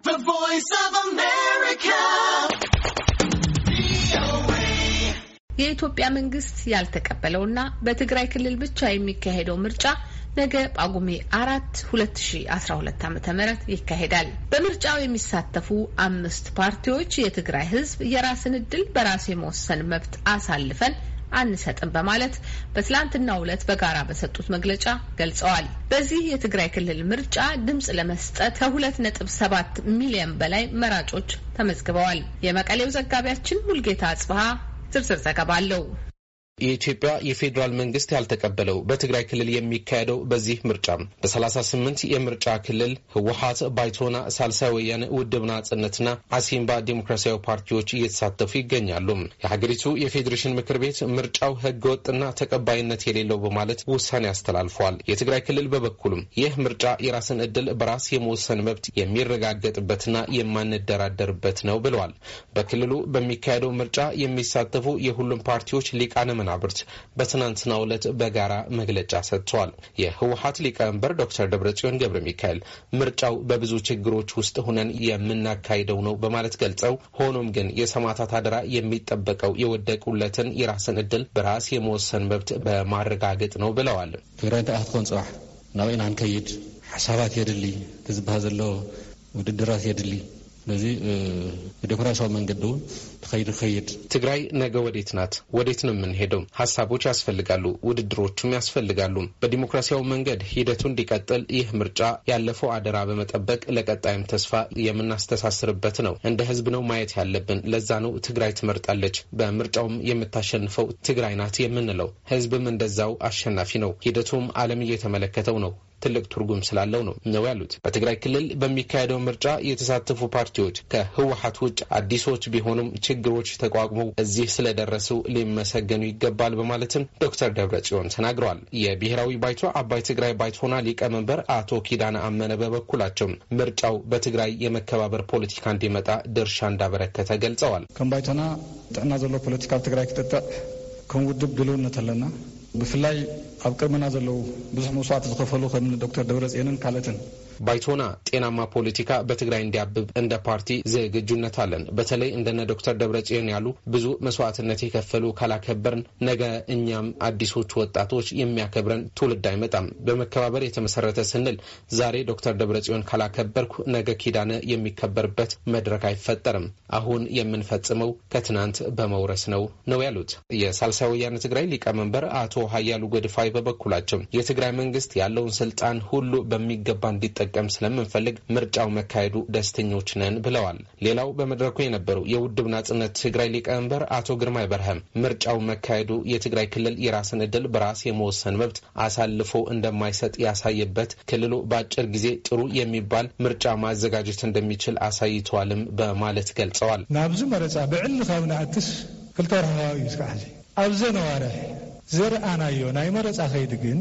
The Voice of America. የኢትዮጵያ መንግስት ያልተቀበለውና በትግራይ ክልል ብቻ የሚካሄደው ምርጫ ነገ ጳጉሜ አራት ሁለት ሺ አስራ ሁለት ዓመተ ምህረት ይካሄዳል። በምርጫው የሚሳተፉ አምስት ፓርቲዎች የትግራይ ህዝብ የራስን እድል በራስ የመወሰን መብት አሳልፈን አንሰጥም በማለት በትላንትናው ዕለት በጋራ በሰጡት መግለጫ ገልጸዋል። በዚህ የትግራይ ክልል ምርጫ ድምጽ ለመስጠት ከሁለት ነጥብ ሰባት ሚሊዮን በላይ መራጮች ተመዝግበዋል። የመቀሌው ዘጋቢያችን ሙልጌታ አጽብሃ ዝርዝር ዘገባ አለው። የኢትዮጵያ የፌዴራል መንግስት ያልተቀበለው በትግራይ ክልል የሚካሄደው በዚህ ምርጫ በ38 የምርጫ ክልል ህወሀት፣ ባይቶና፣ ሳልሳይ ወያነ ውድብ ናጽነትና አሲምባ ዴሞክራሲያዊ ፓርቲዎች እየተሳተፉ ይገኛሉ። የሀገሪቱ የፌዴሬሽን ምክር ቤት ምርጫው ህገወጥና ተቀባይነት የሌለው በማለት ውሳኔ አስተላልፏል። የትግራይ ክልል በበኩሉም ይህ ምርጫ የራስን እድል በራስ የመወሰን መብት የሚረጋገጥበትና የማንደራደርበት ነው ብለዋል። በክልሉ በሚካሄደው ምርጫ የሚሳተፉ የሁሉም ፓርቲዎች ሊቃነ አመናብርት በትናንትናው ዕለት በጋራ መግለጫ ሰጥተዋል። የህወሀት ሊቀመንበር ዶክተር ደብረጽዮን ገብረ ሚካኤል ምርጫው በብዙ ችግሮች ውስጥ ሆነን የምናካሂደው ነው በማለት ገልጸው፣ ሆኖም ግን የሰማዕታት አደራ የሚጠበቀው የወደቁለትን የራስን እድል በራስ የመወሰን መብት በማረጋገጥ ነው ብለዋል። ብረንቲኣ ክትኮን ፅባሕ ናብኢና ንከይድ ሓሳባት የድሊ ክዝባህ ዘለዎ ውድድራት የድሊ ስለዚ የዴሞክራሲያዊ መንገድ ደውን ትኸይድ ንኸይድ ትግራይ ነገ ወዴት ናት? ወዴት ነው የምንሄደው? ሀሳቦች ያስፈልጋሉ፣ ውድድሮቹም ያስፈልጋሉ። በዲሞክራሲያዊ መንገድ ሂደቱ እንዲቀጥል ይህ ምርጫ ያለፈው አደራ በመጠበቅ ለቀጣይም ተስፋ የምናስተሳስርበት ነው። እንደ ህዝብ ነው ማየት ያለብን። ለዛ ነው ትግራይ ትመርጣለች፣ በምርጫውም የምታሸንፈው ትግራይ ናት የምንለው። ህዝብም እንደዛው አሸናፊ ነው። ሂደቱም ዓለም እየተመለከተው ነው። ትልቅ ትርጉም ስላለው ነው ነው ያሉት። በትግራይ ክልል በሚካሄደው ምርጫ የተሳተፉ ፓርቲዎች ከህወሀት ውጭ አዲሶች ቢሆኑም ችግሮች ተቋቁመው እዚህ ስለደረሱ ሊመሰገኑ ይገባል በማለትም ዶክተር ደብረ ጽዮን ተናግረዋል። የብሔራዊ ባይቶ አባይ ትግራይ ባይቶና ሊቀመንበር አቶ ኪዳነ አመነ በበኩላቸው ምርጫው በትግራይ የመከባበር ፖለቲካ እንዲመጣ ድርሻ እንዳበረከተ ገልጸዋል። ከም ባይቶና ጥዕና ዘሎ ፖለቲካ ኣብ ትግራይ ክጥጥዕ ከም ውድብ ድልውነት ኣለና ብፍላይ ኣብ ቅድመና ዘለው ብዙሕ መስዋዕት ዝኸፈሉ ከም ዶክተር ደብረ ደብረፅዮንን ካልኦትን ባይቶና ጤናማ ፖለቲካ በትግራይ እንዲያብብ እንደ ፓርቲ ዝግጁነት አለን። በተለይ እንደነ ዶክተር ደብረ ደብረጽዮን ያሉ ብዙ መስዋዕትነት የከፈሉ ካላከበርን ነገ እኛም አዲሶቹ ወጣቶች የሚያከብረን ትውልድ አይመጣም። በመከባበር የተመሰረተ ስንል ዛሬ ዶክተር ደብረ ደብረጽዮን ካላከበርኩ ነገ ኪዳነ የሚከበርበት መድረክ አይፈጠርም። አሁን የምንፈጽመው ከትናንት በመውረስ ነው ነው ያሉት የሳልሳይ ወያነ ትግራይ ሊቀመንበር አቶ ሀያሉ ገድፋ ተወካይ በበኩላቸው የትግራይ መንግስት ያለውን ስልጣን ሁሉ በሚገባ እንዲጠቀም ስለምንፈልግ ምርጫው መካሄዱ ደስተኞች ነን ብለዋል። ሌላው በመድረኩ የነበሩ የውድብ ናጽነት ትግራይ ሊቀመንበር አቶ ግርማይ በርሃም ምርጫው መካሄዱ የትግራይ ክልል የራስን እድል በራስ የመወሰን መብት አሳልፎ እንደማይሰጥ ያሳየበት ክልሉ በአጭር ጊዜ ጥሩ የሚባል ምርጫ ማዘጋጀት እንደሚችል አሳይተዋልም በማለት ገልጸዋል ናብዚ መረፃ ብዕሊ ካብ ንኣትስ ክልተ እዩ ኣብዚ ነዋርሕ ዘርአናዮ ናይ መረፃ ኸይድ ግን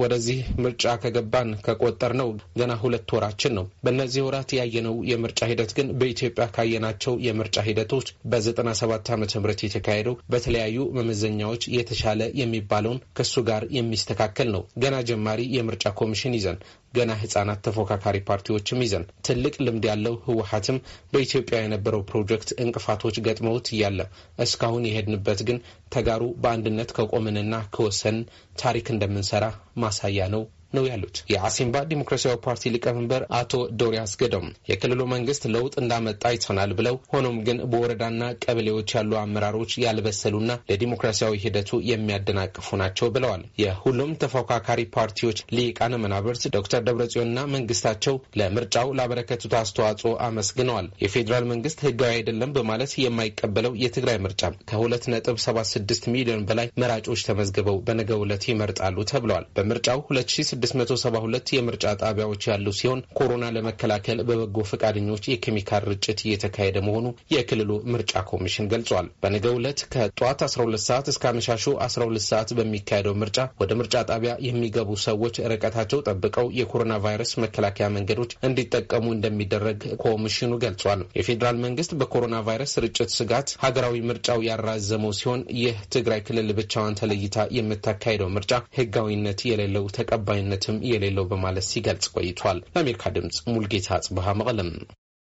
ወደዚህ ምርጫ ከገባን ከቆጠር ነው ገና ሁለት ወራችን ነው። በእነዚህ ወራት ያየነው የምርጫ ሂደት ግን በኢትዮጵያ ካየናቸው የምርጫ ሂደቶች በ97 ዓ.ም የተካሄደው በተለያዩ መመዘኛዎች የተሻለ የሚባለውን ከሱ ጋር የሚስተካከል ነው። ገና ጀማሪ የምርጫ ኮሚሽን ይዘን ገና ህጻናት ተፎካካሪ ፓርቲዎችም ይዘን ትልቅ ልምድ ያለው ህወሀትም በኢትዮጵያ የነበረው ፕሮጀክት እንቅፋቶች ገጥመውት እያለ እስካሁን የሄድንበት ግን ተጋሩ በአንድነት ከቆምንና ከወሰንን ታሪክ እንደምንሰራ ማሳያ ነው ነው ያሉት የአሲምባ ዲሞክራሲያዊ ፓርቲ ሊቀመንበር አቶ ዶሪያስ ገዶም የክልሉ መንግስት ለውጥ እንዳመጣ ይተናል ብለው ሆኖም ግን በወረዳና ቀበሌዎች ያሉ አመራሮች ያልበሰሉና ለዲሞክራሲያዊ ሂደቱ የሚያደናቅፉ ናቸው ብለዋል። የሁሉም ተፎካካሪ ፓርቲዎች ሊቃነ መናብርት ዶክተር ደብረጽዮንና መንግስታቸው ለምርጫው ላበረከቱት አስተዋጽኦ አመስግነዋል። የፌዴራል መንግስት ህጋዊ አይደለም በማለት የማይቀበለው የትግራይ ምርጫ ከ 276 ሚሊዮን በላይ መራጮች ተመዝግበው በነገው ዕለት ይመርጣሉ ተብለዋል። በምርጫው 2006 672 የምርጫ ጣቢያዎች ያሉ ሲሆን ኮሮና ለመከላከል በበጎ ፈቃደኞች የኬሚካል ርጭት እየተካሄደ መሆኑ የክልሉ ምርጫ ኮሚሽን ገልጿል። በነገ ዕለት ከጠዋት 12 ሰዓት እስከ አመሻሹ 12 ሰዓት በሚካሄደው ምርጫ ወደ ምርጫ ጣቢያ የሚገቡ ሰዎች ርቀታቸው ጠብቀው የኮሮና ቫይረስ መከላከያ መንገዶች እንዲጠቀሙ እንደሚደረግ ኮሚሽኑ ገልጿል። የፌዴራል መንግስት በኮሮና ቫይረስ ርጭት ስጋት ሀገራዊ ምርጫው ያራዘመው ሲሆን ይህ ትግራይ ክልል ብቻዋን ተለይታ የምታካሄደው ምርጫ ህጋዊነት የሌለው ተቀባይነት ተቀባይነትም የሌለው በማለት ሲገልጽ ቆይቷል። ለአሜሪካ ድምጽ ሙልጌታ ጽብሃ መቀለም